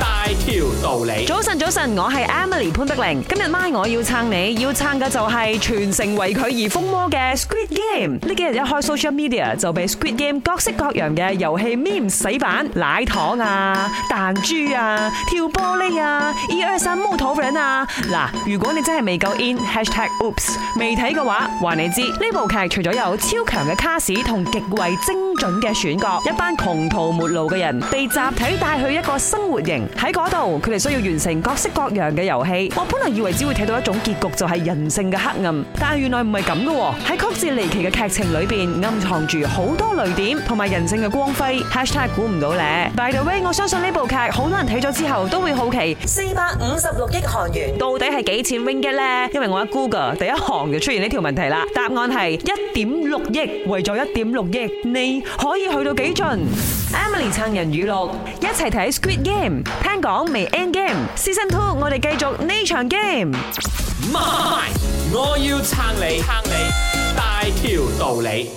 大條道理，早晨早晨，我係 Emily 潘碧玲。今日晚我要撐你，要撐嘅就係全城為佢而瘋魔嘅 Squid Game。呢幾日一開 social media 就被 Squid Game、嗯、各式各樣嘅遊戲 memes 洗版、奶糖啊、彈珠啊、跳玻璃啊、一二三木頭人啊。嗱，啊、如果你真係未夠 in hashtag Oops 未睇嘅話，話你知呢部劇除咗有超強嘅卡士同極為精準嘅選角，一班窮途末路嘅人被集體帶去一個生活型。喺嗰度，佢哋需要完成各式各樣嘅遊戲。我本來以為只會睇到一種結局，就係人性嘅黑暗。但係原來唔係咁噶，喺曲折離奇嘅劇情裏邊，暗藏住好多淚點同埋人性嘅光輝。Hashtag 估唔到咧，By the way，我相信呢部劇好多人睇咗之後都會好奇，四百五十六億韓元到底係幾錢？WING 嘅咧，因為我一 Google，第一行就出現呢條問題啦。答案係一點六億，為咗一點六億，你可以去到幾盡？Emily 撐人語錄，一齊睇 Squid Game。聽講未 end game？season two 我哋繼續呢場 game。我，我要撐你，撐你，大條道理。